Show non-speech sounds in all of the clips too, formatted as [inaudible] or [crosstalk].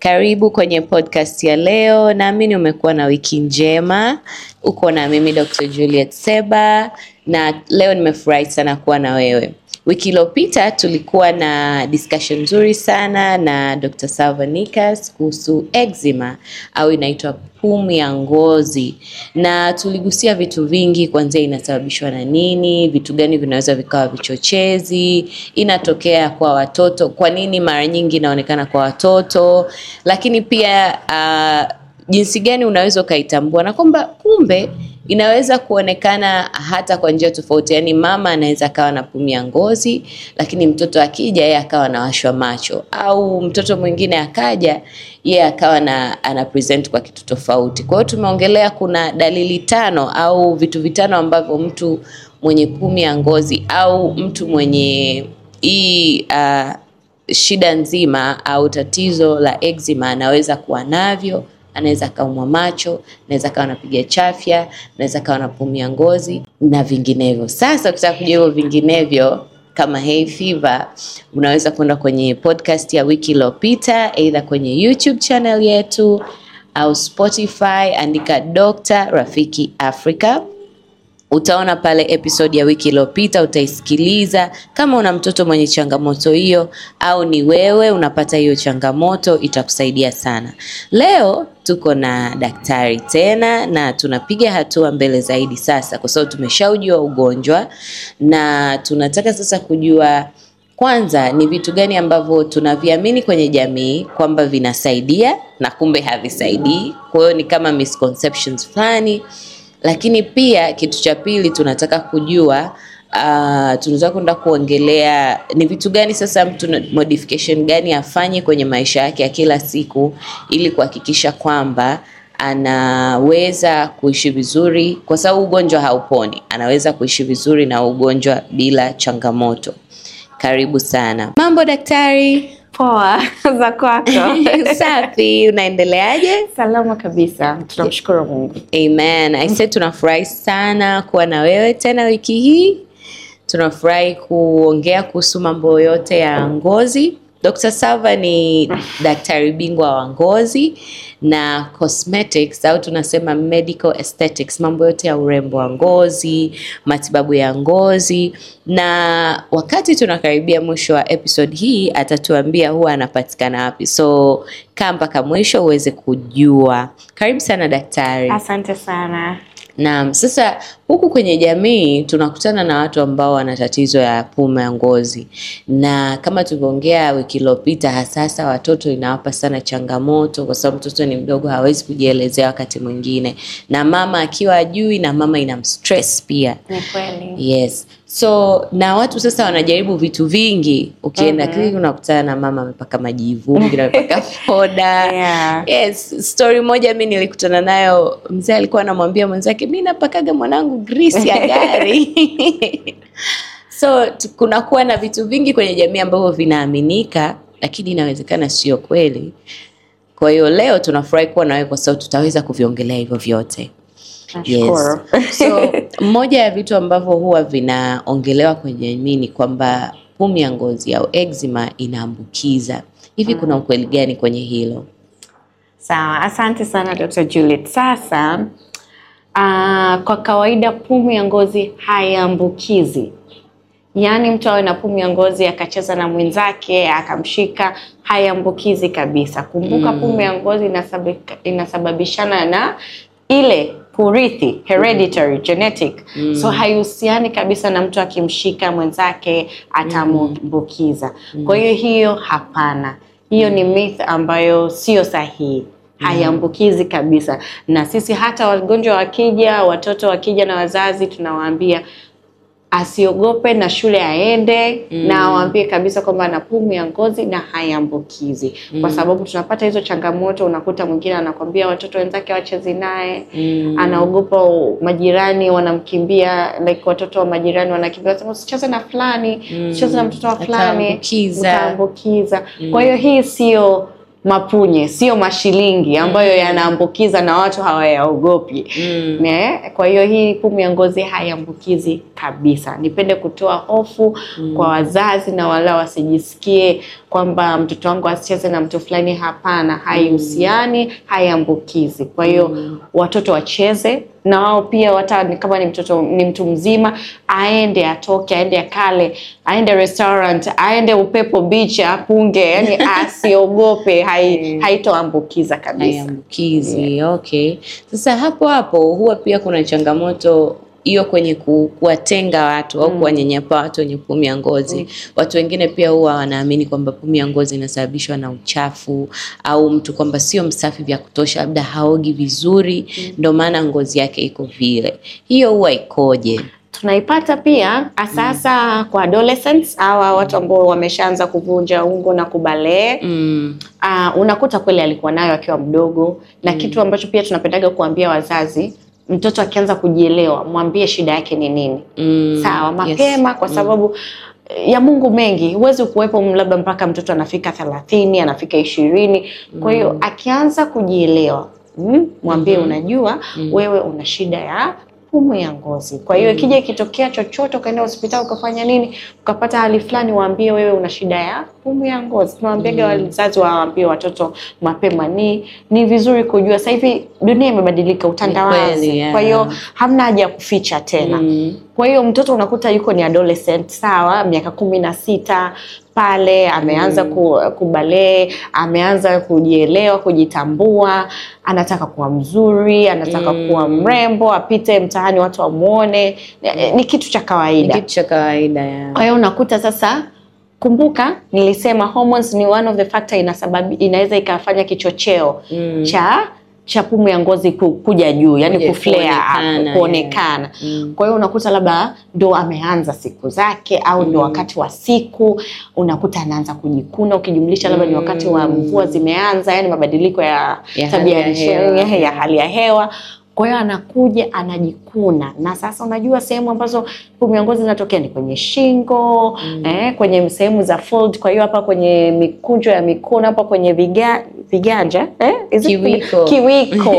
Karibu kwenye podcast ya leo. Naamini umekuwa na wiki njema. Uko na mimi Dr. Juliet Seba na leo nimefurahi sana kuwa na wewe. Wiki iliyopita tulikuwa na discussion nzuri sana na Dr. Salvanikas kuhusu eczema au inaitwa pumu ya ngozi, na tuligusia vitu vingi, kwanzia inasababishwa na nini, vitu gani vinaweza vikawa vichochezi, inatokea kwa watoto, kwa nini mara nyingi inaonekana kwa watoto, lakini pia uh, jinsi gani unaweza ukaitambua na kwamba kumbe inaweza kuonekana hata kwa njia tofauti, yaani mama anaweza akawa anapumia ngozi, lakini mtoto akija yeye akawa anawashwa macho, au mtoto mwingine akaja yeye akawa na ana present kwa kitu tofauti. Kwa hiyo tumeongelea kuna dalili tano au vitu vitano ambavyo mtu mwenye ya ngozi au mtu mwenye hii uh, shida nzima au tatizo la eczema anaweza kuwa navyo anaweza akaumwa macho, anaweza akawa anapiga chafya, anaweza akawa anapumia ngozi na vinginevyo. Sasa ukitaka kujua hivyo vinginevyo kama hay fever unaweza kwenda kwenye podcast ya wiki iliyopita, aidha kwenye YouTube channel yetu au Spotify, andika Dr. Rafiki Africa. Utaona pale episode ya wiki iliyopita utaisikiliza, kama una mtoto mwenye changamoto hiyo au ni wewe unapata hiyo changamoto, itakusaidia sana. Leo tuko na daktari tena na tunapiga hatua mbele zaidi sasa, kwa sababu tumeshaujua ugonjwa na tunataka sasa kujua kwanza ni vitu gani ambavyo tunaviamini kwenye jamii kwamba vinasaidia na kumbe havisaidii. Kwa hiyo ni kama misconceptions fulani lakini pia kitu cha pili tunataka kujua Uh, ah, tunaweza kwenda kuongelea ni vitu gani sasa, mtu modification gani afanye kwenye maisha yake ya kila siku ili kuhakikisha kwamba anaweza kuishi vizuri, kwa sababu ugonjwa hauponi. Anaweza kuishi vizuri na ugonjwa bila changamoto. Karibu sana. Mambo daktari poa [laughs] za kwako? [laughs] Safi, unaendeleaje? Salama kabisa, tunamshukuru Mungu. Amen. I said tunafurahi sana kuwa na wewe tena wiki hii, tunafurahi kuongea kuhusu mambo yote ya ngozi Dr. Sava ni daktari bingwa wa ngozi na cosmetics au tunasema medical aesthetics, mambo yote ya urembo wa ngozi, matibabu ya ngozi. Na wakati tunakaribia mwisho wa episode hii, atatuambia huwa anapatikana wapi, so kaa mpaka mwisho uweze kujua. Karibu sana daktari. Asante sana. Naam, sasa huku kwenye jamii tunakutana na watu ambao wana tatizo ya puma ya ngozi, na kama tulivyoongea wiki iliyopita, hasa watoto inawapa sana changamoto, kwa sababu mtoto ni mdogo, hawezi kujielezea wakati mwingine, na mama akiwa ajui, na mama ina mstress pia. Ni kweli. Yes so na watu sasa wanajaribu vitu vingi ukienda okay, mm-hmm. unakutana na mama amepaka majivu mwingine amepaka foda [laughs] yeah. yes, story moja mi nilikutana nayo mzee alikuwa anamwambia mwenzake mi napakaga mwanangu grisi ya gari [laughs] so kunakuwa na vitu vingi kwenye jamii ambavyo vinaaminika lakini inawezekana sio kweli kwa hiyo leo tunafurahi kuwa nawe kwa sababu tutaweza kuviongelea hivyo vyote Yes. So [laughs] moja ya vitu ambavyo huwa vinaongelewa kwenye jamii ni kwamba pumu ya ngozi au eczema inaambukiza. Hivi mm. kuna ukweli gani kwenye hilo? Sawa, asante sana Dr. Juliet. Sasa uh, kwa kawaida pumu ya ngozi haiambukizi, yaani mtu awe na pumu ya ngozi akacheza na mwenzake akamshika, haiambukizi kabisa. Kumbuka mm. pumu ya ngozi inasababishana na ile kurithi mm-hmm. hereditary mm. genetic mm. So haihusiani kabisa na mtu akimshika mwenzake atamwambukiza mm. Mm-hmm. Kwa hiyo hiyo hapana, hiyo mm. ni myth ambayo siyo sahihi haiambukizi kabisa, na sisi hata wagonjwa wakija, watoto wakija na wazazi tunawaambia asiogope na shule aende mm. na awambie kabisa kwamba ana pumu ya ngozi na hayambukizi mm. kwa sababu tunapata hizo changamoto unakuta mwingine anakwambia watoto wenzake wachezi naye mm. anaogopa majirani wanamkimbia like watoto wa majirani wanakimbia sema usicheze na fulani mm. usicheze na mm. mtoto wa fulani utaambukiza mm. kwa hiyo hii sio mapunye sio mashilingi ambayo mm. yanaambukiza na watu hawayaogopi mm. Kwa hiyo hii pumu ya ngozi haiambukizi kabisa. Nipende kutoa hofu mm. kwa wazazi na wala wasijisikie kwamba mtoto wangu asicheze na mtu fulani. Hapana, haihusiani, mm. haiambukizi. Kwa hiyo mm. watoto wacheze na wao pia, hata kama ni mtoto ni mtu mzima, aende atoke, aende akale, aende restaurant, aende upepo beach, apunge, yani [laughs] asiogope. Eh. Haitoambukiza kabisa, haiambukizi. Yeah. Okay, sasa hapo hapo huwa pia kuna changamoto hiyo kwenye kuwatenga watu au mm. kuwanyanyapa watu wenye pumi ya ngozi mm. watu wengine pia huwa wanaamini kwamba pumi ya ngozi inasababishwa na uchafu au mtu kwamba sio msafi vya kutosha labda haogi vizuri mm. maana ngozi yake iko vile hiyo huwa ikoje tunaipata pia asasa mm. kwa adolescents hawa watu ambao wameshaanza kuvunja ungo na kubalee mm. uh, unakuta kweli alikuwa nayo akiwa mdogo na mm. kitu ambacho pia tunapendaga kuambia wazazi mtoto akianza kujielewa, mwambie shida yake ni nini, mm, sawa mapema yes. kwa mm. sababu mm ya Mungu mengi huwezi kuwepo labda mpaka mtoto anafika thelathini anafika ishirini Kwa hiyo mm. akianza kujielewa mm, mwambie, mm -hmm. unajua mm -hmm. wewe una shida ya pumu ya ngozi. Kwa hiyo mm. ikija ikitokea chochote, ukaenda hospitali ukafanya nini, ukapata hali fulani, waambie wewe una shida ya pumu ya ngozi. Tunawaambiaga mm. wazazi waambie watoto mapema, ni ni vizuri kujua. Sasa hivi dunia imebadilika, utandawazi, kwa hiyo hamna haja ya kuficha tena. Mm. Kwa hiyo mtoto unakuta yuko ni adolescent, sawa, miaka kumi na sita pale ameanza mm. kubalee, ameanza kujielewa, kujitambua, anataka kuwa mzuri, anataka mm. kuwa mrembo, apite mtaani watu wamuone. Ni, eh, eh, ni kitu cha kawaida, ni kitu cha kawaida Kwa hiyo unakuta sasa, kumbuka nilisema hormones ni one of the factor inasabab, inaweza ikafanya kichocheo mm. cha chapumu ya ngozi kuja juu, yani kuflea ah, kuonekana. Mm. Kwa hiyo unakuta labda ndo ameanza siku zake au ndo mm. wakati wa siku unakuta anaanza kujikuna, ukijumlisha labda ni wakati wa mm. mvua zimeanza, yani mabadiliko ya, ya tabia ya, ya hali ya hewa kwa hiyo anakuja anajikuna, na sasa unajua sehemu ambazo miongozi zinatokea ni kwenye shingo mm. eh, kwenye sehemu za fold. Kwa hiyo hapa kwenye mikunjo ya mikono hapa kwenye viga, viganja eh? kiwiko, kiwiko. [laughs]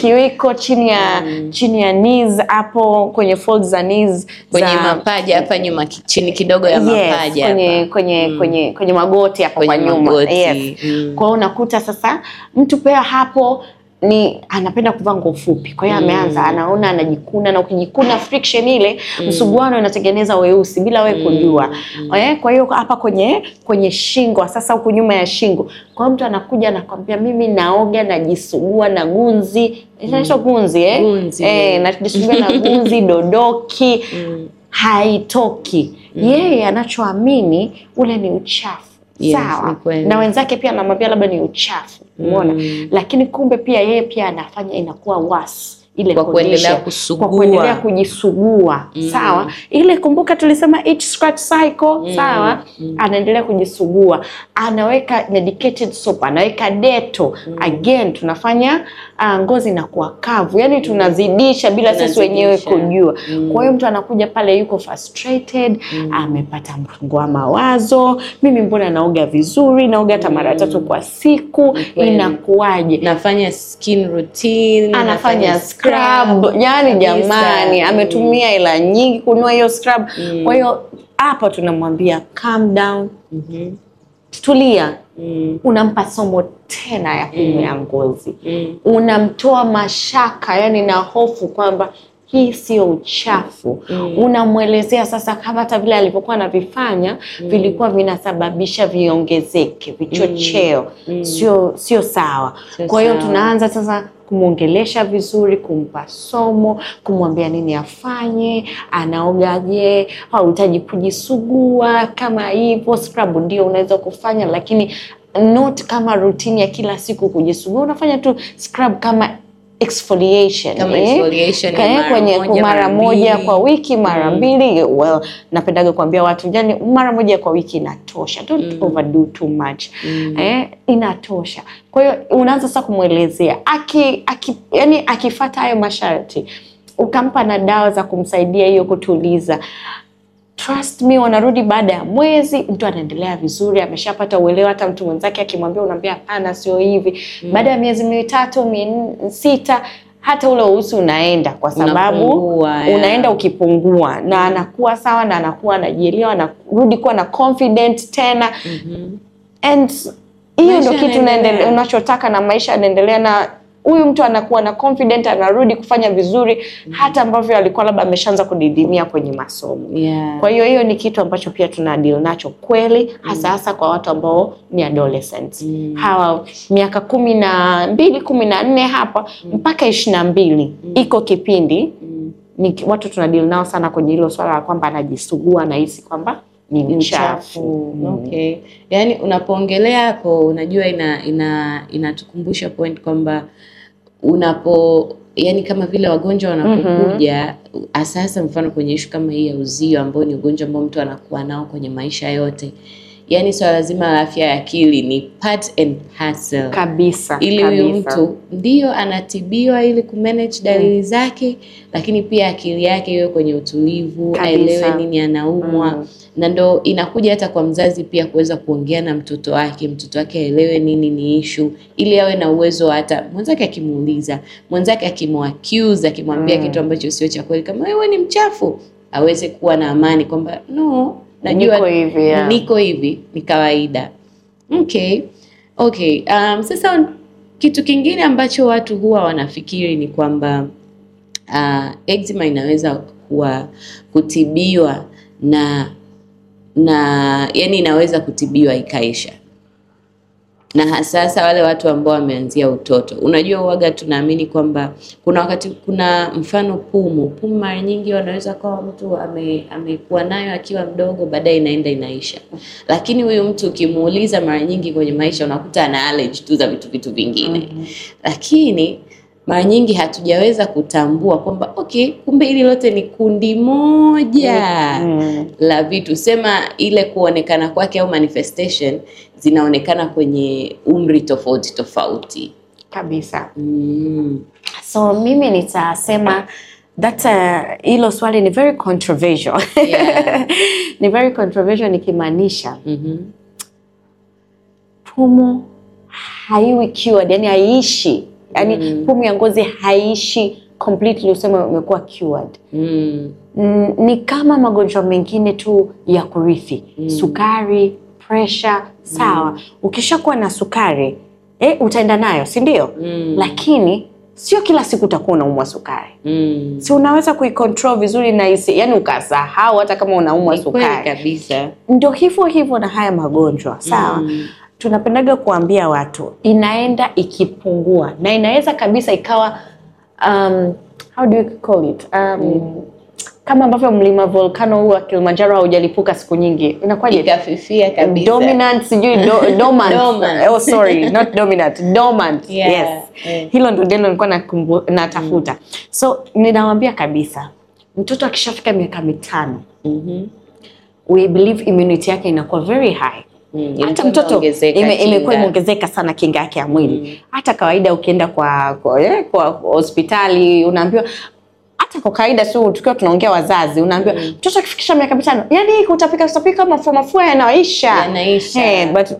kiwiko chini ya mm. chini ya knees hapo kwenye fold za knees kwenye za... mapaja hapa nyuma chini kidogo ya yes, mapaja kwenye, hapa. kwenye, mm. kwenye, kwenye magoti hapo kwa nyuma yes. mm. kwa hiyo unakuta sasa mtu pia hapo ni anapenda kuvaa nguo fupi, kwa hiyo mm. ameanza anaona anajikuna, na ukijikuna friction ile mm. msuguano inatengeneza weusi bila wewe mm. kujua mm. eh, kwa hiyo hapa kwenye kwenye shingo sasa, huku nyuma ya shingo, kwa mtu anakuja anakwambia mimi naoga najisugua na gunzi inaitwa mm. gunzi eh, gunzi, eh najisugua na gunzi [laughs] dodoki mm. haitoki mm. yeye anachoamini ule ni uchafu yes, na wenzake pia anamwambia labda ni uchafu umeona mm. Lakini kumbe pia yeye pia anafanya inakuwa wasi ile kwa kuendelea kusugua, kwa kuendelea kujisugua mm. Sawa, ile kumbuka tulisema each scratch cycle mm. Sawa mm. Anaendelea kujisugua, anaweka medicated soap, anaweka deto mm. Again tunafanya uh, ngozi na kuwa kavu, yani mm. tunazidisha bila sisi wenyewe kujua mm. Kwa hiyo mtu anakuja pale yuko frustrated mm. Amepata mfungo wa mawazo, mimi mbona naoga vizuri, naoga hata mara tatu mm. kwa siku, inakuwaje? Nafanya skin routine, anafanya skin scrub. Yani jamani, mm. ametumia hela nyingi kununua hiyo scrub. Mm. Kwa hiyo hapa tunamwambia calm down, mm-hmm. tulia. Mm. Unampa somo tena ya kuumia mm. ngozi mm. Unamtoa mashaka yani na hofu kwamba hii sio uchafu mm. Unamwelezea sasa kama hata vile alivyokuwa anavifanya mm. vilikuwa vinasababisha viongezeke vichocheo mm. Sio sio sawa, sio. Kwa hiyo tunaanza sasa kumwongelesha vizuri, kumpa somo, kumwambia nini afanye, anaogaje, hauhitaji kujisugua kama hivyo. Scrub ndio unaweza kufanya, lakini not kama rutini ya kila siku kujisugua. Unafanya tu scrub kama exfoliation, kama eh, exfoliation mara kwenye moja, mara moja kwa wiki mara mm-hmm. mbili Well, napendaga kuambia watu jani, mara moja kwa wiki inatosha, don't mm. overdo too much mm. eh, inatosha. Kwa hiyo unaanza sasa kumwelezea aki, aki, yani akifuata hayo masharti ukampa na dawa za kumsaidia hiyo kutuliza trust me, wanarudi baada ya mwezi, mtu anaendelea vizuri, ameshapata uelewa. Hata mtu mwenzake akimwambia, unaambia hapana, sio hivi mm. Baada ya miezi mitatu sita hata ule uhusi unaenda kwa sababu Unapungua, unaenda ukipungua na mm. anakuwa sawa na anakuwa anajielewa, anarudi kuwa na confident tena mm -hmm. and hiyo ndio kitu unachotaka na maisha yanaendelea na huyu mtu anakuwa na confident, anarudi kufanya vizuri hata ambavyo alikuwa labda ameshaanza kudidimia kwenye masomo yeah. Kwa hiyo hiyo ni kitu ambacho pia tuna deal nacho kweli, mm. hasa hasa kwa watu ambao ni adolescents mm. hawa miaka kumi na mbili kumi na nne hapa mm. mpaka ishirini na mbili mm. iko kipindi ni watu tuna deal nao sana kwenye hilo swala la kwamba anajisugua, anahisi kwamba ni mm. Okay. Yaani unapoongelea hapo unajua ina ina inatukumbusha point kwamba unapo yani kama vile wagonjwa wanapokuja mm mm-hmm. -hmm. Asasa mfano kwenye ishu kama hii ya uzio ambao ni ugonjwa ambao mtu anakuwa nao kwenye maisha yote yani swala zima la afya ya akili ni part and parcel kabisa, ili huyu mtu ndiyo anatibiwa ili kumanage mm. dalili mm. zake, lakini pia akili yake iwe kwenye utulivu, aelewe nini anaumwa mm. na ndo inakuja hata kwa mzazi pia kuweza kuongea na mtoto wake, mtoto wake aelewe nini ni ishu, ili awe na uwezo hata mwenzake akimuuliza, mwenzake akimwaccuse, akimwambia mm. kitu ambacho sio cha kweli, kama wewe ni mchafu, aweze kuwa na amani kwamba no najua niko hivi, yeah. niko hivi ni kawaida. Okay. Okay. Um, sasa kitu kingine ambacho watu huwa wanafikiri ni kwamba uh, eczema inaweza kuwa kutibiwa na na yani inaweza kutibiwa ikaisha na hasasa wale watu ambao wameanzia utoto. Unajua, uwaga tunaamini kwamba kuna wakati, kuna mfano pumu. Pumu mara nyingi wanaweza kuwa mtu ame, amekuwa nayo akiwa mdogo, baadaye inaenda inaisha, lakini huyu mtu ukimuuliza, mara nyingi kwenye maisha unakuta ana allergy tu za vitu vitu vingine mm -hmm. lakini mara nyingi hatujaweza kutambua kwamba okay, kumbe hili lote ni kundi moja mm. la vitu. Sema ile kuonekana kwake au manifestation zinaonekana kwenye umri tofauti tofauti kabisa. Mm. So mimi nitasema that uh, hilo uh, swali ni very controversial yeah. [laughs] ni very controversial nikimaanisha mm -hmm. pumu haiwi cured, yani haiishi yani mm. pumu ya ngozi haishi completely useme umekuwa cured mm. mm. ni kama magonjwa mengine tu ya kurithi mm. sukari pressure sawa mm. ukishakuwa na sukari eh, utaenda nayo si ndio mm. lakini sio kila siku utakuwa unaumwa sukari mm. si unaweza kuicontrol vizuri na isi, yani ukasahau hata kama unaumwa sukari kabisa ndio hivyo hivyo na haya magonjwa sawa mm tunapendaga kuambia watu inaenda ikipungua na inaweza kabisa ikawa um, how do you call it um, mm. kama ambavyo mlima volcano huu wa Kilimanjaro haujalipuka siku nyingi inakuwaje ikafifia kabisa dominant sijui do, [laughs] dormant oh sorry not dominant dormant yeah. yes mm. hilo ndio ndio nilikuwa natafuta mm. so ninawaambia kabisa mtoto akishafika miaka mitano mm -hmm. we believe immunity yake inakuwa very high Mm, hata mtoto imekuwa imeongezeka sana kinga yake ya mwili mm. hata Kawaida ukienda kwa eh, kwa hospitali unaambiwa hata kwa kawaida tu tukiwa tunaongea wazazi, unaambiwa mm. mtoto akifikisha miaka mitano, yani utapika utapika, mafua mafua yanaisha yanaisha. Hey, eh, but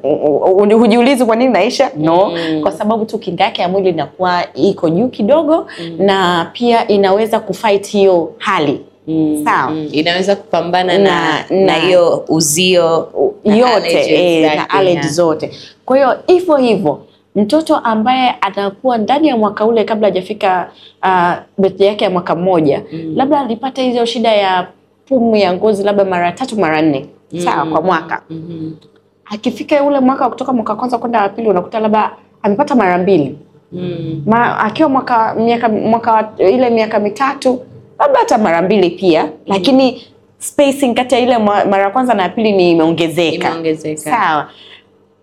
hujiulizi kwa nini naisha? No kwa sababu tu kinga yake ya mwili inakuwa iko juu kidogo mm. na pia inaweza kufight hiyo hali mm, sawa mm. inaweza kupambana na na hiyo uzio yote na allergy eh, zote. Kwa hiyo hivyo hivyo mtoto ambaye atakuwa ndani ya mwaka ule kabla hajafika uh, birthday yake ya mwaka mmoja mm. labda alipata hizo shida ya pumu ya ngozi labda mara tatu mara nne mm. sawa kwa mwaka mm -hmm. akifika ule mwaka kutoka mwaka kwanza kwenda wa pili unakuta labda amepata mara mbili mm. Ma, akiwa mwaka miaka mwaka ile miaka mitatu labda hata mara mbili pia mm. lakini spacing kati ya ile mara ya kwanza na ya pili ni imeongezeka. Sawa.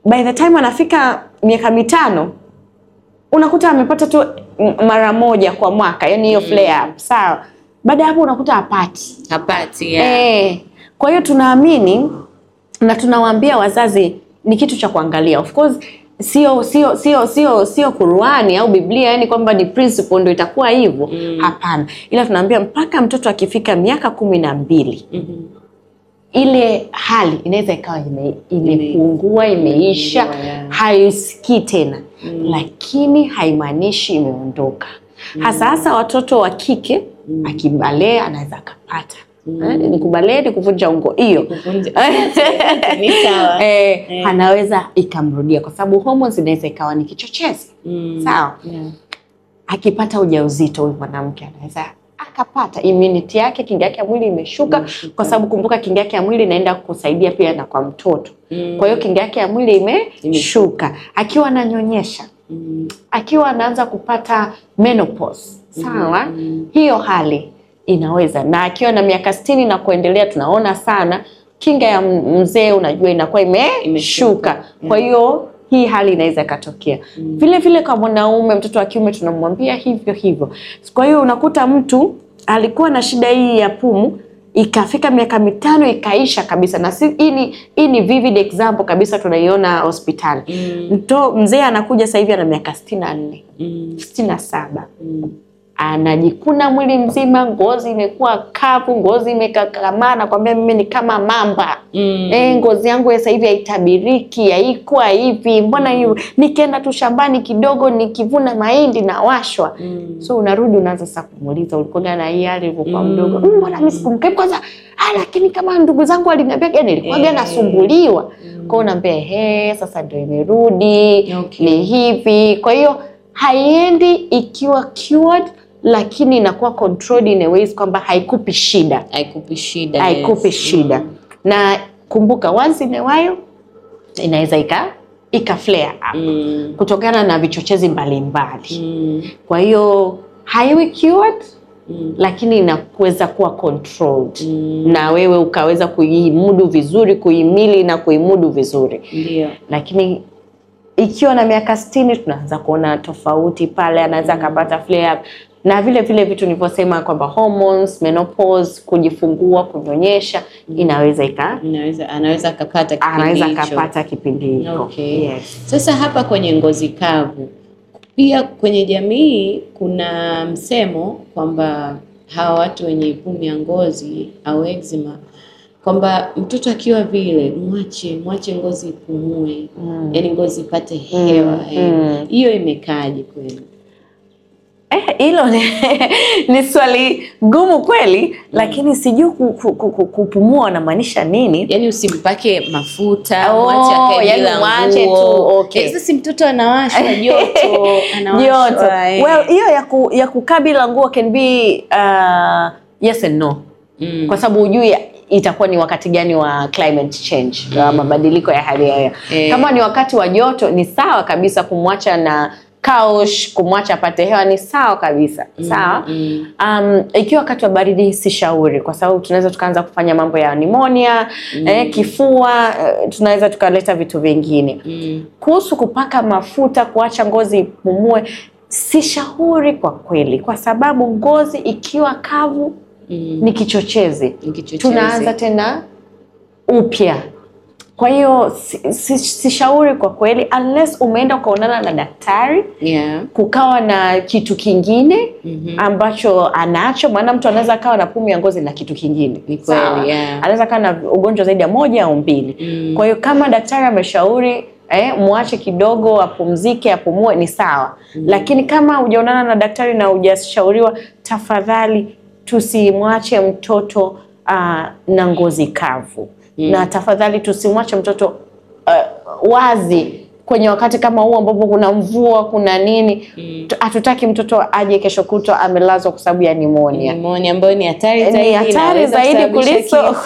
By the time anafika miaka mitano unakuta amepata tu mara moja kwa mwaka, yani hiyo mm. flare up. Sawa. Baada ya hapo unakuta hapati. Hapati, yeah. Eh. Kwa hiyo tunaamini na tunawaambia wazazi ni kitu cha kuangalia. Of course sio sio sio sio sio Qur'ani au Biblia, yani kwamba ni principle ndio itakuwa hivyo mm. Hapana, ila tunaambia mpaka mtoto akifika miaka kumi na mbili mm -hmm ile hali inaweza ikawa imepungua ime imeisha haisikii tena mm. lakini haimaanishi imeondoka mm. hasa hasa watoto wa kike mm. akibalea anaweza akapata eh, mm. nikubalie nikuvunja ungo hiyo [laughs] eh, [laughs] eh, eh. Anaweza ikamrudia kwa sababu hormones inaweza ikawa ni kichochezi mm. Sawa yeah. Akipata ujauzito huyu mwanamke anaweza akapata immunity yake, kinga yake ya mwili imeshuka Kwa sababu kumbuka, kinga yake ya mwili inaenda kusaidia pia na kwa mtoto mm. Kwa hiyo kinga yake ya mwili imeshuka akiwa ananyonyesha mm. Akiwa anaanza kupata menopause mm-hmm. sawa mm. Hiyo hali inaweza, na akiwa na miaka sitini na kuendelea tunaona sana kinga ya mzee unajua inakuwa imeshuka, kwa hiyo hii hali inaweza ikatokea mm. Vile vile kwa mwanaume, mtoto wa kiume tunamwambia hivyo hivyo. Kwa hiyo unakuta mtu alikuwa na shida hii ya pumu ikafika miaka mitano ikaisha kabisa, na hii ni hii ni vivid example kabisa tunaiona hospitali mm. mzee anakuja sasa hivi ana miaka sitini na nne mm. sitini na saba mm anajikuna mwili mzima, ngozi imekuwa kavu, ngozi imekakamaa, nakwambia mimi ni kama mamba mm. E, ngozi yangu sasa hivi haitabiriki, haikuwa hivi, mbona mm. Nikienda tu shambani kidogo, nikivuna mahindi nawashwa mm. So unarudi unaanza sasa kumuuliza ulikoga na hii hali ulivyokuwa mm. mdogo, mm. mbona mimi sikumbuki kwanza, ah, lakini kama ndugu zangu waliniambia gani, nilikuwa gani eh. nasumbuliwa mm. Kwao unaambia he, sasa ndio imerudi okay. Ni hivi, kwa hiyo haiendi ikiwa cured lakini inakuwa controlled in a ways kwamba haikupi shida, haikupi shida, haikupi shida. Mm. Na kumbuka once in a while inaweza ika ika flare up mm. kutokana na vichochezi mbalimbali mm. kwa hiyo haiwi cured Mm. Lakini inaweza kuwa controlled mm. na wewe ukaweza kuimudu vizuri, kuimili na kuimudu vizuri Ndiyo. Lakini ikiwa na miaka sitini tunaanza kuona tofauti pale, anaweza mm. akapata flare up, na vile vile vitu nilivyosema kwamba hormones, menopause, kujifungua, kunyonyesha mm. inaweza ika inaweza anaweza akapata anaweza akapata kipindi hicho. Okay. Yes. Sasa hapa kwenye ngozi kavu pia kwenye jamii kuna msemo kwamba hawa watu wenye pumi ya ngozi au eczema kwamba mtoto akiwa vile mwache mwache ngozi ipumue, mm. yani ngozi ipate hewa mm. Mm. hiyo. Mm. Mm. Imekaaje kwenu? eh, hilo ni, [laughs] ni swali gumu kweli, mm. lakini sijui kupumua unamaanisha nini? Yani usimpake mafuta, oh, yaani mwache tu okay. Yaani si mtoto anawashwa [laughs] joto, anawashwa joto. Well, hiyo ya, ku, ya kukaa bila nguo can be uh, yes and no mm. Kwa sababu hujui itakuwa ni wakati gani wa climate change mm. Mabadiliko ya hali ya hewa eh. Kama ni wakati wa joto ni sawa kabisa kumwacha na kaush, kumwacha apate hewa ni sawa kabisa, mm-hmm. sawa mm -hmm. Um, ikiwa wakati wa baridi si shauri, kwa sababu tunaweza tukaanza kufanya mambo ya nimonia mm -hmm. eh, kifua eh, tunaweza tukaleta vitu vingine mm -hmm. Kuhusu kupaka mafuta, kuacha ngozi ipumue si shauri kwa kweli, kwa sababu ngozi ikiwa kavu mm -hmm. ni kichochezi, ni kichochezi. Tunaanza tena upya kwa hiyo sishauri si, si kwa kweli unless umeenda ukaonana na daktari yeah. Kukawa na kitu kingine mm -hmm. ambacho anacho, maana mtu anaweza akawa na pumu ya ngozi na kitu kingine yeah. Anaweza kawa na ugonjwa zaidi ya moja au mbili mm. Kwa hiyo kama daktari ameshauri Eh, mwache kidogo apumzike, apumue ni sawa mm -hmm. Lakini kama hujaonana na daktari na hujashauriwa, tafadhali tusimwache mtoto uh, na ngozi kavu mm. na tafadhali tusimwache mtoto uh, wazi kwenye wakati kama huu ambapo kuna mvua kuna nini, mm. hatutaki mm. mtoto aje kesho kutwa amelazwa kwa sababu ya nimonia, nimonia ambayo ni hatari eh, zaidi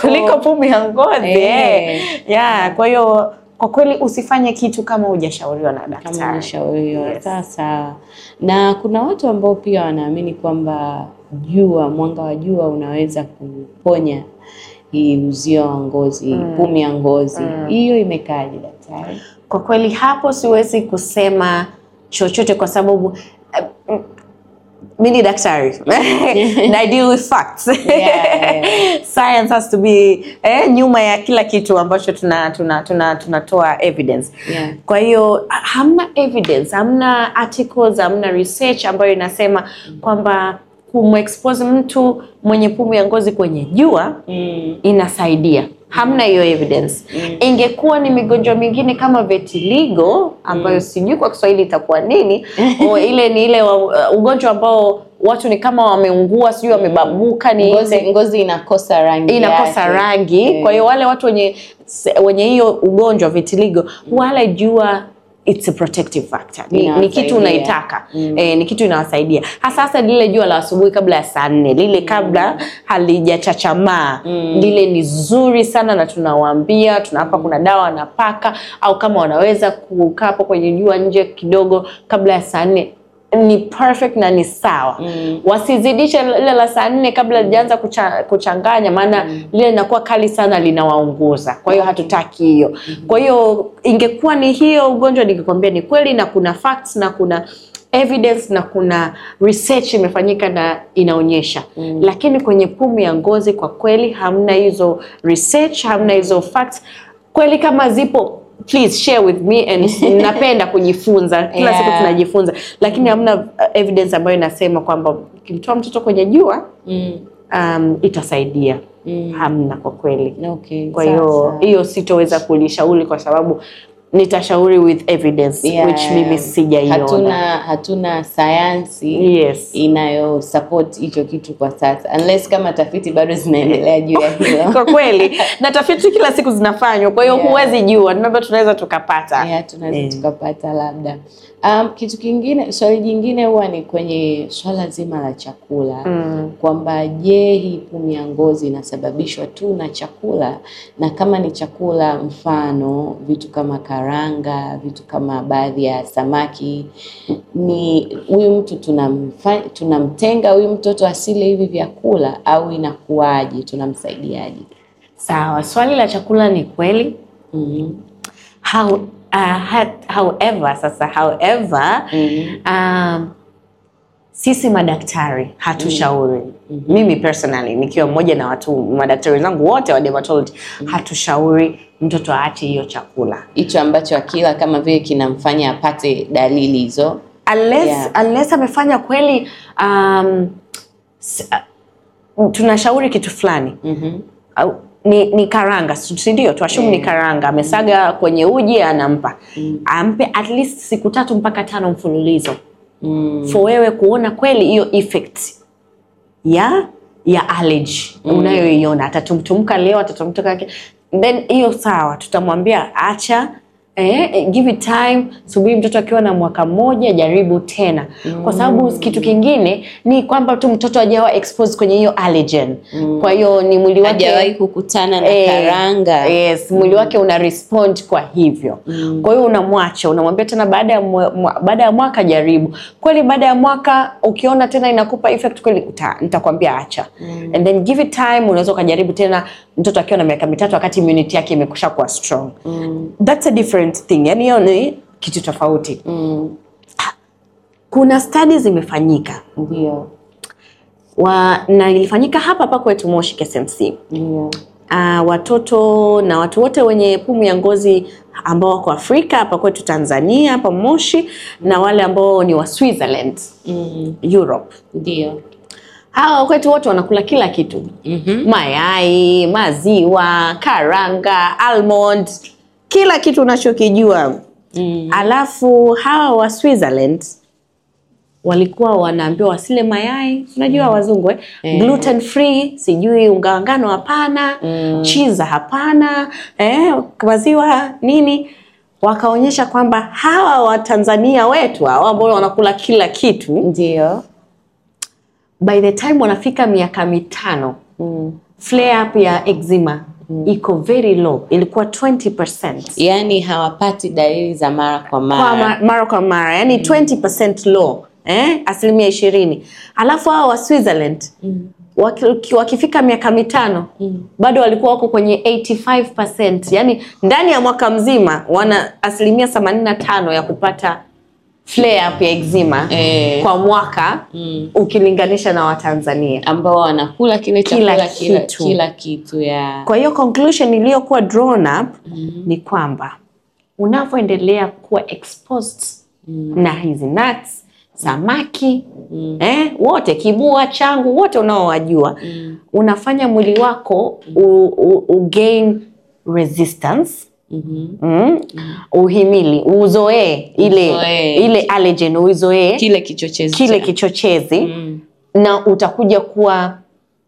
kuliko pumu ya ngozi e. Eh. Eh. yeah, mm. kwa hiyo kwa kweli usifanye kitu kama hujashauriwa na daktari, kama hujashauriwa sasa. Na kuna watu ambao pia wanaamini kwamba jua, mwanga wa jua unaweza kuponya hii uzio wa ngozi mm. pumi ya ngozi mm. hiyo mm. imekaje daktari? Kwa kweli hapo siwezi kusema chochote kwa sababu uh, mi ni daktari [laughs] na I deal with facts. yeah, yeah. [laughs] Science has to be eh, nyuma ya kila kitu ambacho tunatoa tuna, tuna, tuna evidence yeah. Kwa hiyo hamna evidence, hamna articles, hamna research ambayo inasema mm. -hmm. kwamba kumexpose mtu mwenye pumu ya ngozi kwenye jua mm. inasaidia hamna hiyo evidence mm. Ingekuwa ni migonjwa mingine kama vetiligo ambayo mm. sijui kwa Kiswahili itakuwa nini o, [laughs] ile ni ile uh, ugonjwa ambao watu ni kama wameungua, sijui wamebabuka, ni ngozi, ngozi inakosa rangi, inakosa rangi. Kwa hiyo mm. wale watu wenye wenye hiyo ugonjwa vetiligo mm. wale jua it's a protective factor. Ni, ni kitu unaitaka mm. E, ni kitu inawasaidia hasa hasa lile jua la asubuhi kabla ya saa nne lile mm. kabla mm. halijachachamaa mm. lile ni zuri sana, na tunawaambia tunawapa, mm. kuna dawa wanapaka, au kama wanaweza kukaa hapo kwenye jua nje kidogo kabla ya saa nne ni perfect na ni sawa mm. Wasizidishe lile la saa nne kabla mm. lijaanza kucha, kuchanganya maana mm. lile linakuwa kali sana linawaunguza, kwa hiyo mm. hatutaki hiyo mm. Kwa hiyo ingekuwa ni hiyo ugonjwa, ningekwambia ni kweli, na kuna facts na kuna evidence na kuna research imefanyika na inaonyesha mm. Lakini kwenye pumu ya ngozi kwa kweli hamna hizo research, hamna hizo facts kweli, kama zipo please share with me and [laughs] napenda kujifunza kila yeah. siku tunajifunza lakini mm. hamna mm. evidence ambayo inasema kwamba ukimtoa mtoto kwenye jua mm. um, itasaidia mm. hamna kwa kweli okay. kwa hiyo hiyo sitoweza kulishauri kwa sababu nitashauri with evidence yeah, which mimi sijaiona. Hatuna, hatuna sayansi yes, inayo support hicho kitu kwa sasa, unless kama tafiti bado zinaendelea juu ya hilo [laughs] kwa kweli, [laughs] na tafiti kila siku zinafanywa, kwa hiyo yeah, huwezi jua, labda tunaweza tukapata yeah, tunaweza eh. tukapata labda. Um, kitu kingine, swali jingine huwa ni kwenye swala zima la chakula mm, kwamba je, hii pumu ya ngozi inasababishwa tu na chakula, na kama ni chakula, mfano vitu kama kar karanga, vitu kama baadhi ya samaki. Ni huyu mtu tunamtenga, tuna huyu mtoto asile hivi vyakula au inakuwaje? Tunamsaidiaje? Sawa, swali la chakula ni kweli. mm -hmm. How, uh, however, sasa however, mm -hmm. um, sisi madaktari hatushauri mm. -hmm. Mimi personally nikiwa mmoja na watu madaktari wenzangu wote wa dermatology mm -hmm. hatushauri mtoto aache hiyo chakula hicho ambacho akila kama vile kinamfanya apate dalili hizo unless, yeah. unless amefanya kweli um, uh, tunashauri kitu fulani mm -hmm. uh, ni, ni karanga si ndio? Tuashumu yeah. ni karanga amesaga mm -hmm. kwenye uji anampa mm -hmm. ampe at least siku tatu mpaka tano mfululizo mm. for wewe kuona kweli hiyo effect ya ya allergy mm. unayoiona atatumtumka leo atatumtumka then hiyo sawa tutamwambia acha Eh, eh, give it time, subiri mtoto akiwa na mwaka mmoja jaribu tena mm. Kwa sababu mm. kitu kingine ni kwamba tu mtoto ajawa expose kwenye hiyo allergen mm. Kwa hiyo ni mwili wake hajawahi kukutana na eh, karanga yes, mwili wake mm. una respond kwa hivyo mm. Kwa hiyo unamwacha, unamwambia tena baada ya baada ya mwaka jaribu. Kweli baada ya mwaka ukiona tena inakupa effect kweli, nitakwambia acha mm. And then give it time, unaweza ukajaribu tena mtoto akiwa na miaka mitatu wakati immunity yake imekusha kuwa strong mm. That's a different different thing, yani hiyo ni kitu tofauti mm. Kuna studies zimefanyika ndio wa na ilifanyika hapa hapa kwetu Moshi KSMC ndio. Uh, watoto na watu wote wenye pumu ya ngozi ambao wako Afrika hapa kwetu Tanzania hapa Moshi mm. na wale ambao ni wa Switzerland mm. Europe ndio hawa kwetu wote wanakula kila kitu mm -hmm. mayai, maziwa, karanga, almond kila kitu unachokijua mm. Alafu hawa wa Switzerland walikuwa wanaambiwa wasile mayai, unajua mm. wazungu eh? mm. gluten free, sijui unga wa ngano hapana, mm. chiza hapana, eh, maziwa nini wakaonyesha kwamba hawa Watanzania wetu hawa ambao wanakula kila kitu ndio by the time wanafika miaka mitano mm. flare up ya eczema mm. iko very low, ilikuwa 20%. Yani hawapati dalili za mara kwa mara kwa mara kwa mara yani mm. 20% low eh? asilimia ishirini. Alafu hao wa Switzerland mm. waki, wakifika miaka mitano mm. bado walikuwa wako kwenye 85%, yani ndani ya mwaka mzima wana asilimia 85 ya kupata flare up ya eczema eh. kwa mwaka mm, ukilinganisha na Watanzania ambao wanakula kile chakula kila kitu, kila kitu ya. Kwa hiyo conclusion iliyokuwa drawn up mm, ni kwamba unavyoendelea kuwa exposed mm, na hizi nuts samaki mm. eh, wote kibua changu wote unaowajua mm, unafanya mwili wako mm. u, u, u gain resistance Mm -hmm. Mm -hmm. Uhimili uzoee ile uzoe. ile allergen uizoee kile kichochezi, kile kichochezi mm. na utakuja kuwa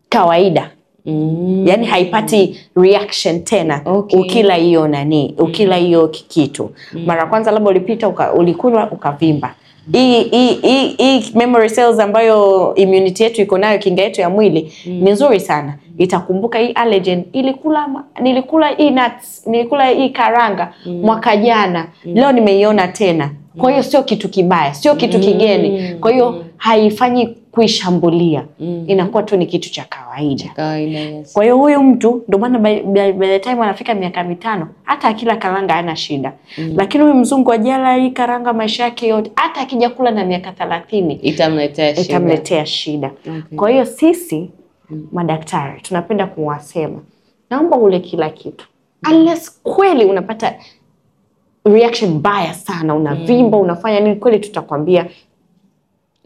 kawaida mm. yaani haipati reaction tena okay. ukila hiyo nani ukila hiyo mm. kikitu mm. mara kwanza labda ulipita uka, ulikula ukavimba hii memory cells ambayo immunity yetu iko nayo, kinga yetu ya mwili mm. ni nzuri sana, itakumbuka hii allergen ilikula, nilikula hii nuts, nilikula hii karanga mm. mwaka jana mm. leo nimeiona tena. Kwa hiyo mm. sio kitu kibaya, sio kitu kigeni, mm. kwa hiyo mm. haifanyi kuishambulia mm. inakuwa tu ni kitu cha kawaida, yes. Kwa hiyo huyu mtu ndio maana by, by the time anafika miaka mitano hata akila karanga hana shida mm. Lakini huyu mzungu ajala hii karanga maisha yake yote, hata akija kula na miaka thelathini itamletea shida, itamletea shida. Okay. Kwa hiyo sisi mm. madaktari tunapenda kuwasema, naomba ule kila kitu mm. unless kweli unapata reaction baya sana, unavimba mm. unafanya nini, kweli tutakwambia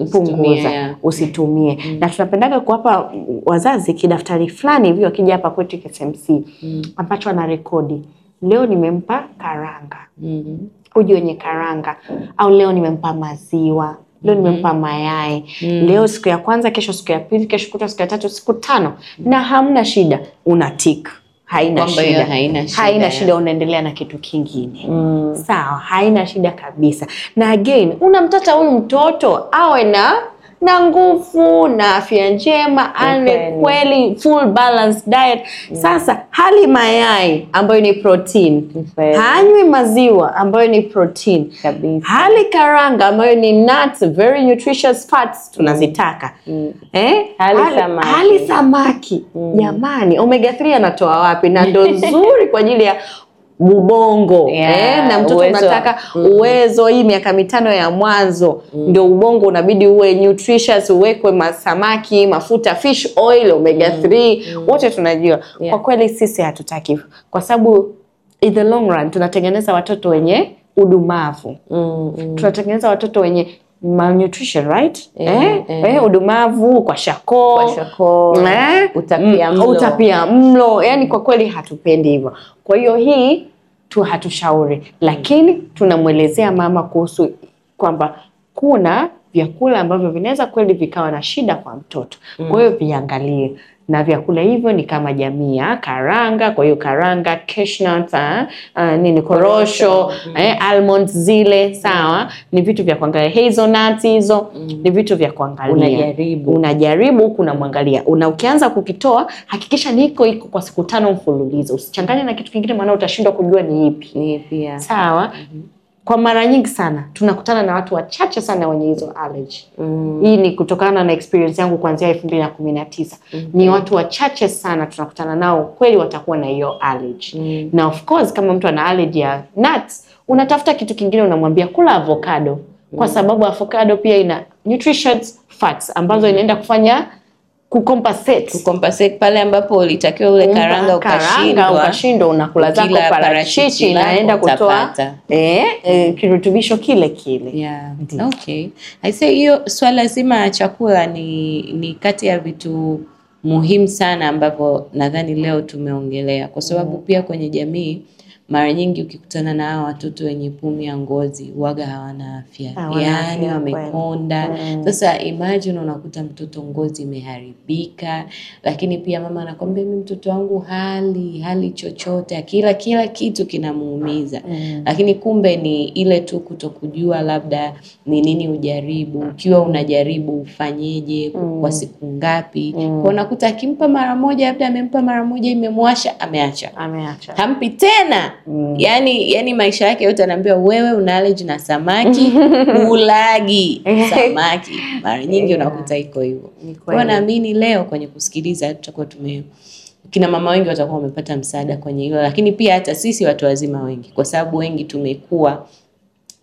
punguza, usitumie mm. na tunapendaga kuwapa wazazi kidaftari fulani hivi wakija hapa kwetu KSMC mm. ambacho ana rekodi leo nimempa karanga mm. Mm-hmm. uji wenye karanga au leo nimempa maziwa leo mm-hmm. nimempa mayai mm. leo siku ya kwanza, kesho siku ya pili, kesho kutwa siku ya tatu, siku tano, na hamna shida, unatika mm haina shida, haina shida, haina shida, unaendelea na kitu kingine mm. Sawa, haina shida kabisa. Na again, una mtata huyu mtoto awe na na nguvu na afya njema, ane kweli full balance diet. Mm. Sasa hali mayai ambayo ni protein, hanywi maziwa ambayo ni protein hali karanga ambayo ni nuts, very nutritious fats mm. tunazitaka mm. eh? hali, hali samaki, hali samaki. Mm. Jamani, omega 3 anatoa wapi? Na ndo [laughs] nzuri kwa ajili ya ubongo yeah, eh, na mtoto uwezo. Unataka mm. uwezo mm. Hii miaka mitano ya mwanzo mm. Ndio ubongo unabidi uwe nutritious, uwekwe masamaki, mafuta, fish oil, omega 3 mm. mm. Wote tunajua yeah. Kwa kweli sisi hatutaki, kwa sababu in the long run tunatengeneza watoto wenye udumavu mm. mm. Tunatengeneza watoto wenye malnutrition right? Eh eh? eh, eh, udumavu kwa shako, kwa shako eh, utapia mm, mlo, utapia mlo. Yani kwa kweli hatupendi hivyo, kwa hiyo hii tu hatushauri, lakini tunamwelezea mama kuhusu kwamba kuna vyakula ambavyo vinaweza kweli vikawa na shida kwa mtoto, kwa mm. hiyo viangalie na vyakula hivyo ni kama jamii ya karanga. Kwa hiyo karanga, cashew, uh, ah, ah, nini, korosho mm -hmm. eh, almonds zile sawa mm. ni vitu vya kuangalia, hazelnuts hizo mm -hmm. ni vitu vya kuangalia, unajaribu unajaribu, huku unamwangalia una, ukianza kukitoa hakikisha niko iko kwa siku tano mfululizo, usichanganye na kitu kingine, maana utashindwa kujua ni ipi, ni ipi sawa mm -hmm kwa mara nyingi sana tunakutana na watu wachache sana wenye hizo allergy mm. Hii ni kutokana na experience yangu kuanzia elfu mbili na kumi na tisa mm -hmm. Ni watu wachache sana tunakutana nao kweli watakuwa na hiyo allergy mm. Na of course kama mtu ana allergy ya nuts, unatafuta kitu kingine, unamwambia kula avocado kwa mm. sababu avocado pia ina nutritious fats ambazo mm -hmm. inaenda kufanya Kucompensate. Kucompensate pale ambapo ulitakiwa ule karanga ukashindwa, ukashindwa unakula zako parachichi inaenda kutoa eh, eh, kirutubisho kile kile. Yeah. Okay. I say hiyo swala zima ya chakula ni, ni kati ya vitu muhimu sana ambavyo nadhani leo tumeongelea kwa sababu mm. pia kwenye jamii mara nyingi ukikutana na hawa watoto wenye pumu ya ngozi waga hawana afya, yaani wamekonda. mm. Sasa imagine unakuta mtoto ngozi imeharibika, lakini pia mama anakwambia mi mtoto wangu hali hali chochote, kila kila kitu kinamuumiza. mm. Lakini kumbe ni ile tu kutokujua labda ni nini ujaribu, ukiwa unajaribu ufanyeje, mm. kwa siku ngapi? mm. Kwa unakuta akimpa mara moja, labda amempa mara moja, imemwasha ameacha, ameacha hampi tena mm. yani, yani maisha yake yote anaambia wewe una allergy na samaki [laughs] ulagi [laughs] samaki mara nyingi yeah. unakuta iko hivyo kwa naamini leo kwenye kusikiliza tutakuwa tume kina mama wengi watakuwa wamepata msaada kwenye hilo lakini pia hata sisi watu wazima wengi kwa sababu wengi tumekuwa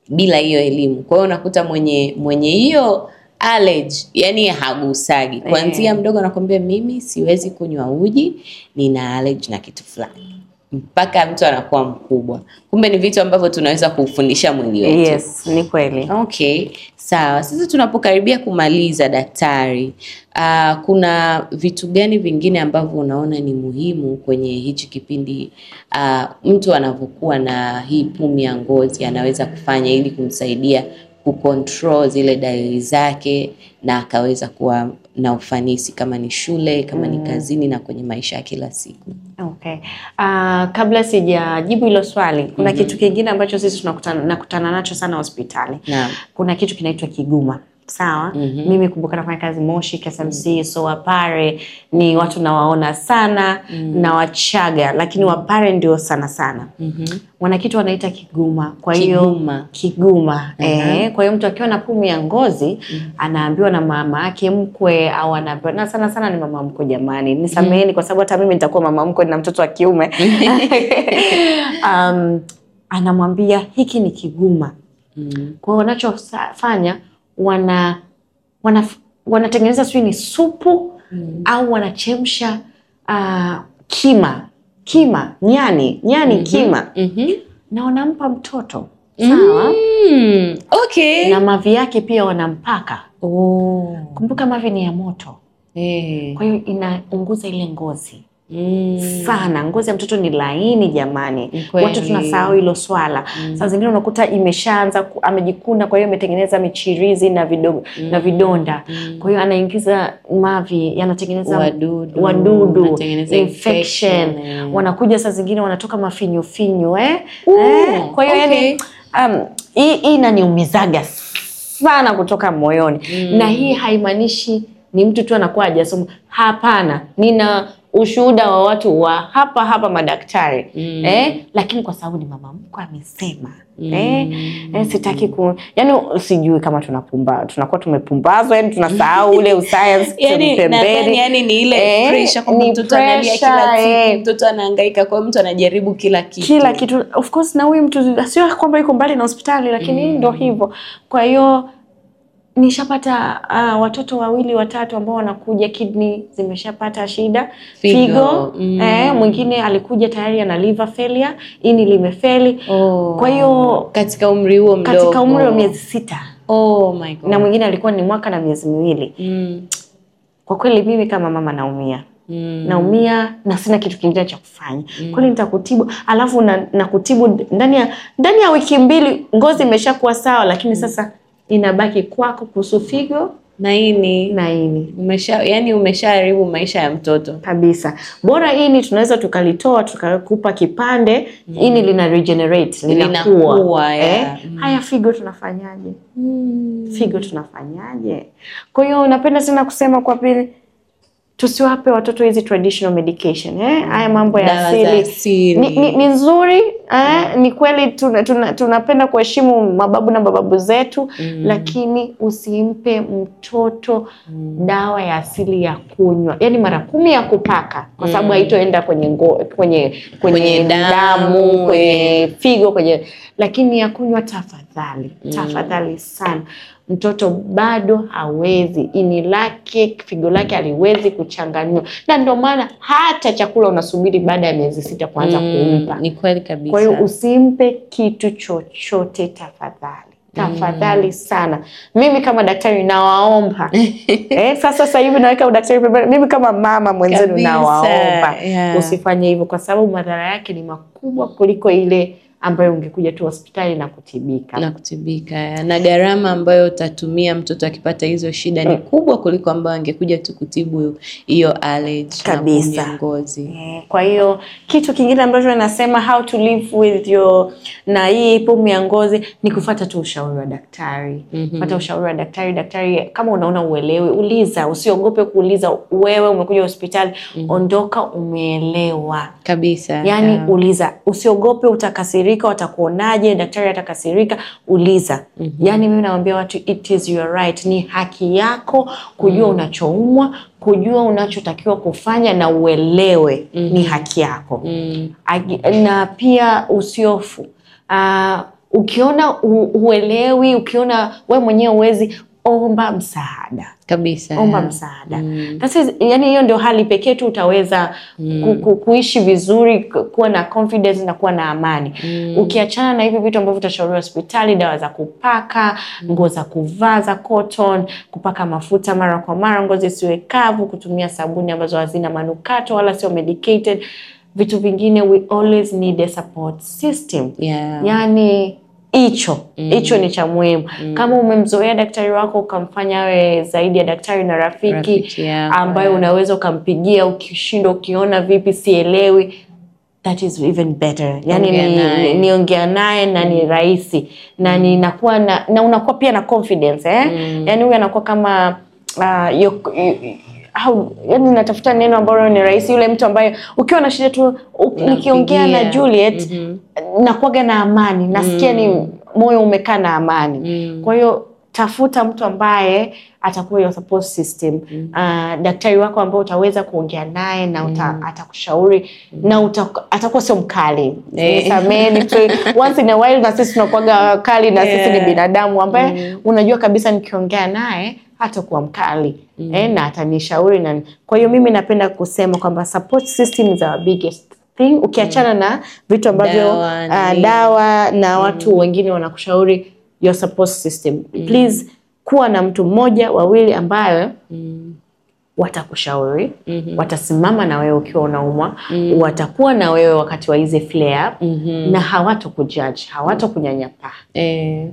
bila hiyo elimu kwa hiyo unakuta mwenye mwenye hiyo allergy yani hagusagi kwanzia eh. mdogo anakwambia mimi siwezi kunywa uji nina allergy na kitu fulani mpaka mtu anakuwa mkubwa. Kumbe ni vitu ambavyo tunaweza kuufundisha mwili wetu. Yes, ni kweli. Okay, sawa. Sasa tunapokaribia kumaliza, daktari, uh, kuna vitu gani vingine ambavyo unaona ni muhimu kwenye hichi kipindi uh, mtu anapokuwa na hii pumu ya ngozi anaweza kufanya ili kumsaidia kucontrol zile dalili zake na akaweza kuwa na ufanisi kama ni shule kama mm. ni kazini na kwenye maisha ya kila siku. Okay. Uh, kabla sijajibu hilo swali kuna mm -hmm. kitu kingine ambacho sisi tunakutana nakutana nacho sana hospitali. na. Kuna kitu kinaitwa kiguma sawa mm -hmm. mimi kumbuka nafanya kazi moshi ksmc mm -hmm. so wapare ni watu nawaona sana mm -hmm. na wachaga lakini mm-hmm. wapare ndio sana sana mm -hmm. wanakitu wanaita kiguma kwa hiyo kiguma, kiguma. Mm -hmm. eh, kwa hiyo mtu akiwa na pumu ya ngozi mm -hmm. anaambiwa na mama yake mkwe au anaambiwa na sana sana ni mama mkwe jamani nisameheni mm -hmm. kwa sababu hata mimi nitakuwa mama mkwe na mtoto wa kiume [laughs] um, anamwambia hiki ni kiguma mm -hmm. kwao wanachofanya wana wanatengeneza wana sijui ni supu mm. au wanachemsha uh, kima kima nyani nyani mm -hmm. kima mm -hmm. na wanampa mtoto sawa mm. okay. na mavi yake pia wanampaka oh. kumbuka mavi ni ya moto eh. kwa hiyo inaunguza ile ngozi Mm. Sana ngozi ya mtoto ni laini jamani, watu tunasahau hilo swala mm. Saa zingine unakuta imeshaanza amejikuna, kwa hiyo ametengeneza michirizi na vido, mm. na vidonda mm. Kwa hiyo anaingiza mavi yanatengeneza wadudu, wadudu infection Yeah. Wanakuja saa zingine wanatoka mafinyofinyo eh? Eh? Kwa hiyo okay. Yani um, hii inaniumizaga sana kutoka moyoni mm. Na hii haimaanishi ni mtu tu anakuwa hajasoma, hapana. Nina ushuhuda wa watu wa hapa hapa madaktari mm. eh, lakini kwa sababu ni mama mkwe amesema mm. eh, eh, sitaki ku yani, sijui kama tunapumba tunakuwa tumepumbazwa yani tunasahau ule [laughs] science yani, pembeni yani ni ile eh, pressure kwa mtoto analia kila siku, eh. mtoto anahangaika kwa mtu anajaribu kila kitu kila kitu. Of course na huyu mtu sio kwamba yuko mbali na hospitali, lakini mm. ndio hivyo, kwa hiyo nishapata uh, watoto wawili watatu ambao wanakuja kidney zimeshapata shida figo, figo mm. eh, mwingine alikuja tayari ana liver failure ini limefeli oh. kwa hiyo katika umri huo mdogo katika umri wa miezi sita oh my God. na mwingine alikuwa ni mwaka na miezi miwili mm. kwa kweli mimi kama mama naumia Mm. naumia na sina kitu kingine cha kufanya mm. kwani nitakutibu alafu na, na kutibu ndani ya ndani ya wiki mbili ngozi imeshakuwa sawa lakini mm. sasa inabaki kwako kuhusu figo na ini umesha yani umeshaharibu maisha ya mtoto kabisa. Bora ini tunaweza tukalitoa tukakupa kipande mm. Ini lina regenerate linakuwa lina eh? yeah. mm. Haya, figo tunafanyaje? mm. Figo tunafanyaje? Kwa hiyo unapenda tena kusema kwa pili tusiwape watoto hizi traditional medication eh? Haya mambo ya asili ni, nzuri eh? Ni kweli tunapenda tuna, tuna kuheshimu mababu na mababu zetu mm. Lakini usimpe mtoto mm. dawa ya asili ya kunywa, yani mara kumi ya kupaka, kwa sababu mm. haitoenda kwenye, kwenye, kwenye, kwenye damu kwenye figo kwenye, lakini ya kunywa tafadhali, mm. tafadhali sana mtoto bado hawezi, ini lake, figo lake haliwezi kuchanganywa na ndio maana hata chakula unasubiri baada ya miezi sita kuanza mm, kumpa. Ni kweli kabisa. Kwa hiyo usimpe kitu chochote tafadhali mm. tafadhali sana. Mimi kama daktari nawaomba [laughs] eh, sasa sasa hivi naweka udaktari pembeni. Mimi kama mama mwenzenu nawaomba yeah, usifanye hivyo kwa sababu madhara yake ni makubwa kuliko ile ambayo ungekuja tu hospitali na kutibika na kutibika, na gharama ambayo utatumia mtoto akipata hizo shida ni mm. kubwa kuliko ambayo angekuja tu kutibu hiyo allergy kabisa na ngozi. Mm, kwa hiyo kitu kingine ambacho anasema how to live with your na hii pumu ya ngozi ni kufata tu ushauri wa daktari. mm -hmm. ushauri wa daktari. Daktari kama unaona uelewi, uliza, usiogope kuuliza. Wewe umekuja hospitali, mm -hmm. ondoka umeelewa kabisa, yani yeah. Uliza, usiogope, utakasiri watakasirika, watakuonaje, daktari atakasirika, uliza. mm -hmm. Yani mimi nawambia watu it is your right, ni haki yako kujua mm -hmm. unachoumwa, kujua unachotakiwa kufanya na uelewe mm -hmm. ni haki yako mm -hmm. na pia usiofu uh, ukiona uelewi, ukiona we mwenyewe uwezi omba msaada kabisa, omba msaada mm. Yani hiyo ndio hali pekee tu utaweza mm. ku, kuishi vizuri, kuwa na confidence na kuwa na amani mm. Ukiachana na hivi vitu ambavyo utashauriwa hospitali, dawa za kupaka, mm. nguo za kuvaa za cotton, kupaka mafuta mara kwa mara, ngozi isiwe kavu, kutumia sabuni ambazo hazina manukato wala sio medicated. Vitu vingine we always need a support system yeah. Yani hicho hicho mm. ni cha muhimu mm. kama umemzoea daktari wako ukamfanya awe zaidi ya daktari na rafiki, rafiki yeah, ambayo yeah. unaweza ukampigia ukishindwa ukiona vipi sielewi that is even better yani niongea ni, ni naye na ni mm. rahisi na mm. ninakuwa na, na unakuwa pia na confidence eh? mm. yani huyu anakuwa kama uh, yoku, yoku, au yani natafuta neno ambalo ni rahisi, yule mtu ambaye ukiwa na shida tu nikiongea na Juliet mm -hmm. nakuaga na amani, nasikia mm -hmm. ni moyo umekaa na amani mm -hmm. kwa hiyo tafuta mtu ambaye atakuwa your support system mm. Uh, daktari wako ambaye utaweza kuongea naye na uta, mm. atakushauri mm. na uta, atakuwa sio mkali eh. nisameni tu [laughs] once in a while, na sisi tunakuwa kali na sisi ni binadamu ambaye mm. unajua kabisa nikiongea naye hatakuwa mkali mm. eh, na atanishauri na kwa hiyo mimi napenda kusema kwamba support system is our biggest thing ukiachana mm. na vitu ambavyo dawa, uh, dawa na mm. watu mm. wengine wanakushauri your support system mm. please kuwa na mtu mmoja wawili ambayo mm watakushauri mm -hmm. Watasimama na wewe ukiwa unaumwa mm -hmm. Watakuwa na wewe wakati wa hizi flare mm -hmm. Na hawatokujudge, hawatokunyanyapaa eh.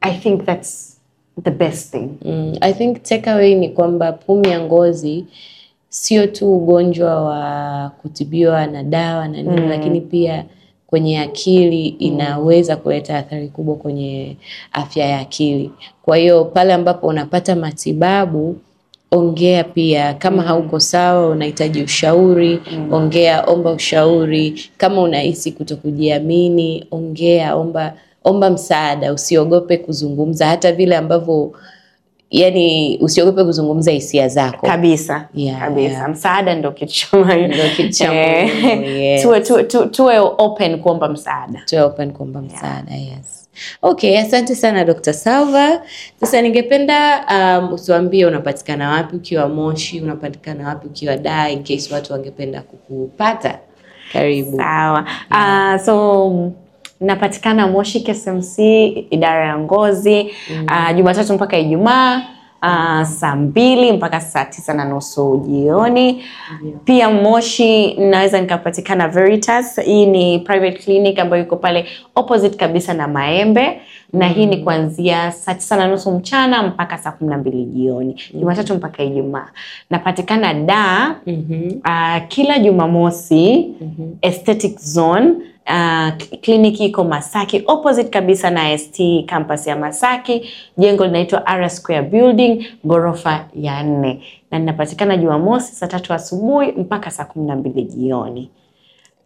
I think that's the best thing? Mm, I think takeaway ni kwamba pumi ya ngozi sio tu ugonjwa wa kutibiwa na dawa na nini mm. lakini pia kwenye akili inaweza kuleta athari kubwa kwenye afya ya akili. Kwa hiyo pale ambapo unapata matibabu, ongea pia kama mm. hauko sawa, unahitaji ushauri mm. ongea, omba ushauri. Kama unahisi kutokujiamini, ongea, omba omba msaada, usiogope kuzungumza hata vile ambavyo yani usiogope kuzungumza hisia zako kabisa, yeah, kabisa. Yeah. Msaada ndo kitu cha eh. yes. Tuwe, tuwe, tuwe open kuomba msaada, tuwe open kuomba msaada yeah. Yes. Okay, asante sana Dr. Salva. Sasa ningependa um, utuambie unapatikana wapi ukiwa Moshi, unapatikana wapi ukiwa Dar in case watu wangependa kukupata. Karibu. Sawa. Yeah. Uh, so Napatikana Moshi KSMC idara ya ngozi mm. uh, Jumatatu mpaka Ijumaa uh, saa mbili mpaka saa tisa na nusu jioni mm. Pia Moshi naweza nikapatikana Veritas. Hii ni private clinic ambayo iko pale opposite kabisa na Maembe na hii ni mm. kuanzia saa tisa na nusu mchana mpaka saa kumi na mbili jioni mm. Jumatatu mpaka Ijumaa. Napatikana da mm -hmm. uh, ah, kila Jumamosi mm -hmm. aesthetic zone Uh, kliniki iko Masaki opposite kabisa na ST campus ya Masaki. Jengo linaitwa R Square Building, ghorofa ya nne, na linapatikana Jumamosi saa tatu asubuhi mpaka saa kumi na mbili jioni.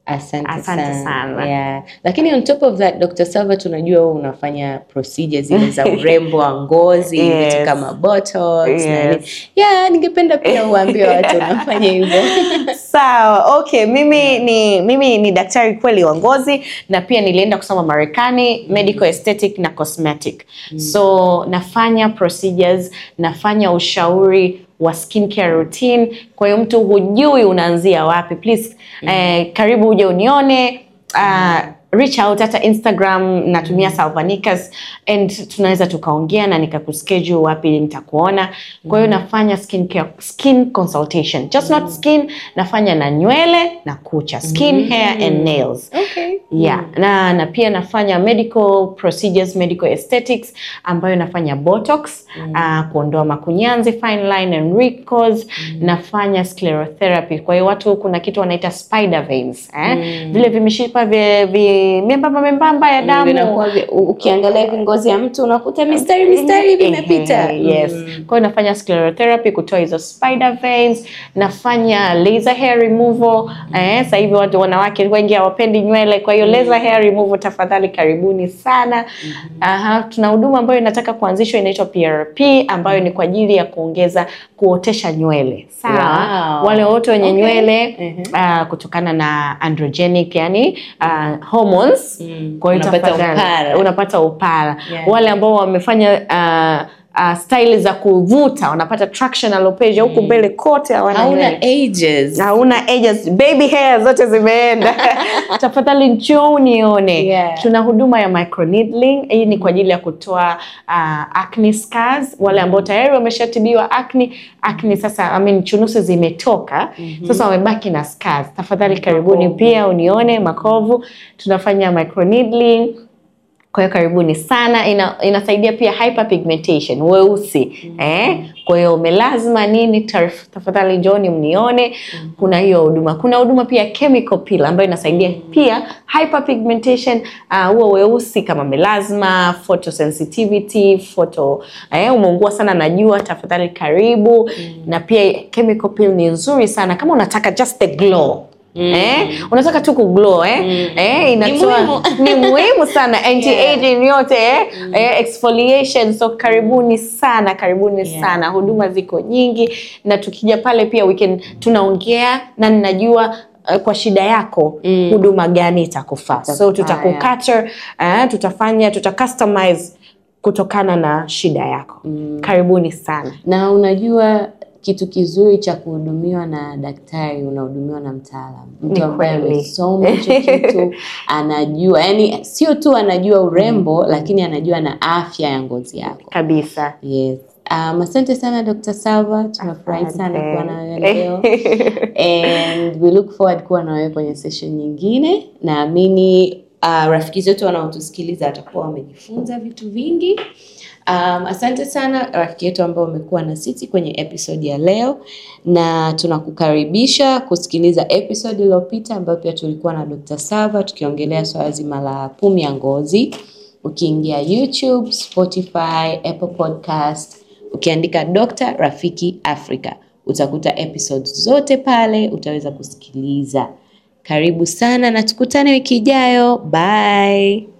Asante, asante sana, sana. Yeah. Lakini on top of that Dr. Salva tunajua wewe unafanya procedures zile za [laughs] urembo wa ngozi yes. vitu kama botox yes. na yeah, ningependa pia [laughs] uambie watu unafanya hivyo. [laughs] Sawa. So, okay, mimi ni mimi ni daktari kweli wa ngozi na pia nilienda kusoma Marekani mm. medical aesthetic na cosmetic. Mm. So nafanya procedures, nafanya ushauri wa skincare routine. Kwa hiyo mtu hujui unaanzia wapi, please mm-hmm. eh, karibu uje unione uh, reach out hata Instagram natumia mm. Salvanicas and tunaweza tukaongea na nikakuschedule wapi nitakuona. Kwa hiyo mm. nafanya skin care, skin consultation. Just mm. not skin, nafanya na nywele na kucha, skin, mm. hair and nails. Okay. Yeah. mm. Na, na pia nafanya medical procedures, medical aesthetics ambayo nafanya botox, mm. uh, kuondoa makunyanzi, fine line and wrinkles, mm. nafanya sclerotherapy. Kwa hiyo watu kuna kitu wanaita spider veins, eh? Mm. Vile vimishipa vile miembamba miembamba ya damu ukiangalia hivi ngozi ya mtu unakuta mistari mistari vimepita. Yes. Mm. Kwa hiyo nafanya sclerotherapy kutoa hizo spider veins, nafanya laser hair removal. Eh, sasa hivi watu wanawake wengi hawapendi nywele, kwa hiyo laser mm. hair removal tafadhali karibuni sana. Mm-hmm. Aha, tuna huduma ambayo inataka kuanzishwa inaitwa PRP ambayo ni kwa ajili ya kuongeza kuotesha nywele. Sawa. Wow. Wale wote wenye okay. nywele uh, kutokana na androgenic yani uh, hormones, mm. kwa unapata upara, upara. Yeah. Wale ambao wamefanya uh, uh, style za kuvuta, wanapata traction alopecia huku mm. mbele kote, hauna ages, hauna ages, baby hair zote zimeenda. [laughs] Tafadhali njoo unione, yeah. Tuna huduma ya micro needling. Hii ni kwa ajili ya kutoa uh, acne scars, wale ambao tayari wameshatibiwa acne, acne sasa, I mean, chunusi zimetoka mm -hmm. Sasa wamebaki na scars, tafadhali karibuni, pia unione makovu, tunafanya micro needling kwa hiyo karibuni sana. Ina, inasaidia pia hyperpigmentation, weusi mm -hmm. eh? Kwa hiyo umelazima nini, tafadhali njoni mnione mm -hmm. Kuna hiyo huduma, kuna huduma pia chemical peel ambayo inasaidia mm. pia hyperpigmentation ah, huo uh, weusi kama melazma, photosensitivity, photo eh, umeungua sana na jua, tafadhali karibu mm -hmm. Na pia chemical peel ni nzuri sana kama unataka just the glow mm -hmm. Mm. Eh? Unataka tu kuglow eh? Mm. Eh, inatoa [laughs] ni muhimu sana [laughs] anti aging yeah. yote eh? Mm. Eh, exfoliation so karibuni sana karibuni yeah. sana huduma ziko nyingi na tukija pale pia we can tunaongea na ninajua eh, kwa shida yako mm. huduma gani itakufaa, so tutakukater eh, tutafanya tuta kutokana na shida yako mm. Karibuni sana na unajua kitu kizuri cha kuhudumiwa na daktari, unahudumiwa na mtaalamu, mtu ambaye amesoma hicho kitu, [laughs] anajua yani, sio tu anajua urembo mm, lakini anajua na afya ya ngozi yako kabisa. Yes. Um, asante sana Dr. Salva, tunafurahi sana kuwa na wewe leo [laughs] and we look forward kuwa na wewe kwenye session nyingine. Naamini uh, rafiki zetu wanaotusikiliza watakuwa wamejifunza vitu vingi. Um, asante sana rafiki yetu ambao umekuwa na sisi kwenye episode ya leo, na tunakukaribisha kusikiliza episode iliyopita ambayo pia tulikuwa na Dr. Sava tukiongelea swala zima la pumi ya ngozi. Ukiingia YouTube, Spotify, Apple Podcast, ukiandika Dr. Rafiki Africa utakuta episodes zote pale, utaweza kusikiliza. Karibu sana na tukutane wiki ijayo. Bye.